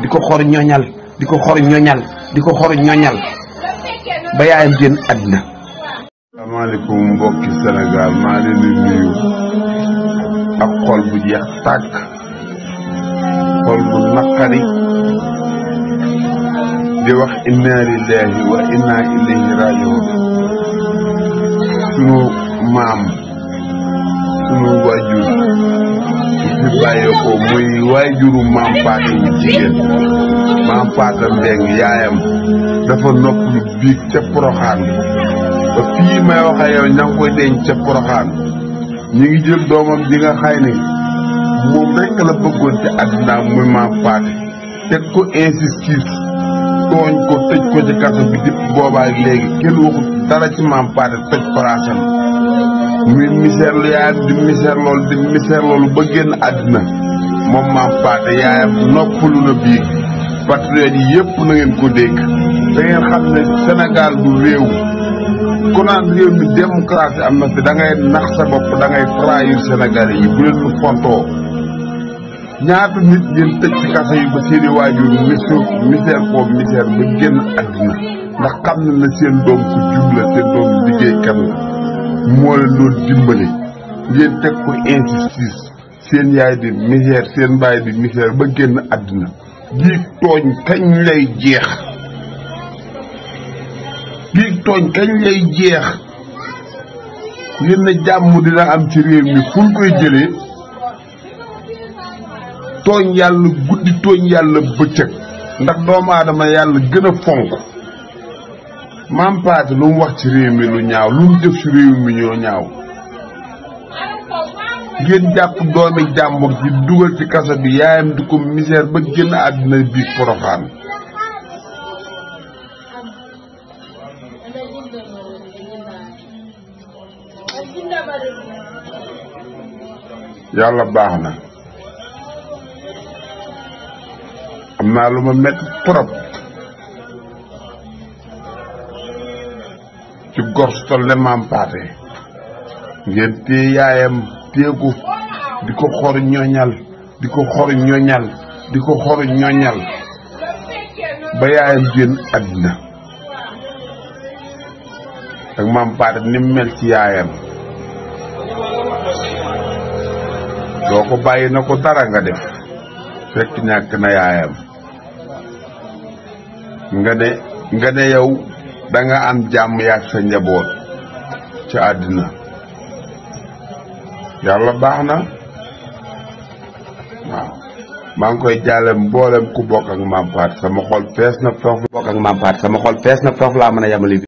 di ko xor ñoñal di ko xor ñoñal di ko xor ñoñal ba yaayam génn àddina. ak xol bu jeex tàkk xol bu naqari di wax inna lillahi wa inna ilayhi rajiun sunu maam sunu waajur waaye ko muy waajuru maam Faata yu jigéen maam Faata Mbeng yaayam dafa nopp lu biig ca poroxaan ba fii may wax ak yow ngi koy denc ca poroxaan ñi ngi jël doomam ji xay ne moom rekk la bëggoon ci àddinaam muy maam Faata teg ko injustice tooñ ko tëj ko ci kaso bi dipp boobaa léegi kenn waxut dara ci maam Faata toj palaasam muy miseerlu yaayam di miseer loolu ba génn àddina moom maam paate yaayam noppalu na biig patriote yi yëpp na ngeen ko dégg da ngeen xam ne Sénégal du réew ku naan réew mi démocratie am na fi da ngay nax sa bopp da ngay trahir yi bu leen ko fontoo ñaata nit ngeen tëj ci kaso yi ba seeni waajur misu misère koo génn àddina ndax xam na ne seen doom ku jub seen doom liggéeykat la moo leen doon dimbale ngeen teg ko injustice seen yaay di misère seen baay di misère ba génn àddina gii tooñ kañ lay jeex gii tooñ kañ lay jeex yéen jàmm dina am ci réew mi fu ñu koy jëlee tooñ yàlla guddi tooñ yàlla bëccëg ndax doomu aadama yàlla gën a fonk maam Paate lu mu wax ci réew mi lu ñaaw lu mu def ci réew mi ñoo ñaaw ngeen jàpp doomi jàmbur ci dugal ci kaso bi yaayam di ko misère ba génn àddina bi poroxaan yàlla baax na am naa lu ma metti trop ci gor su ne maam paate ngeen yaayam téyeku di ko xor ñoñal di ko xor ñoñal di ko xor ñoñal ba yaayam génn àddina ak maam paate ni mel ci yaayam doo ko bàyyi na ko dara nga def fekk ñàkk na yaayam nga ne nga ne yow da nga am jàmm yaag sa njaboot ci àddina yàlla baax na waaw maa ngi koy jaale mboolem ku bokk ak Maam Faat sama xol fees na foofu bokk ak Maam Faat sama xol fees na laa mën a yemali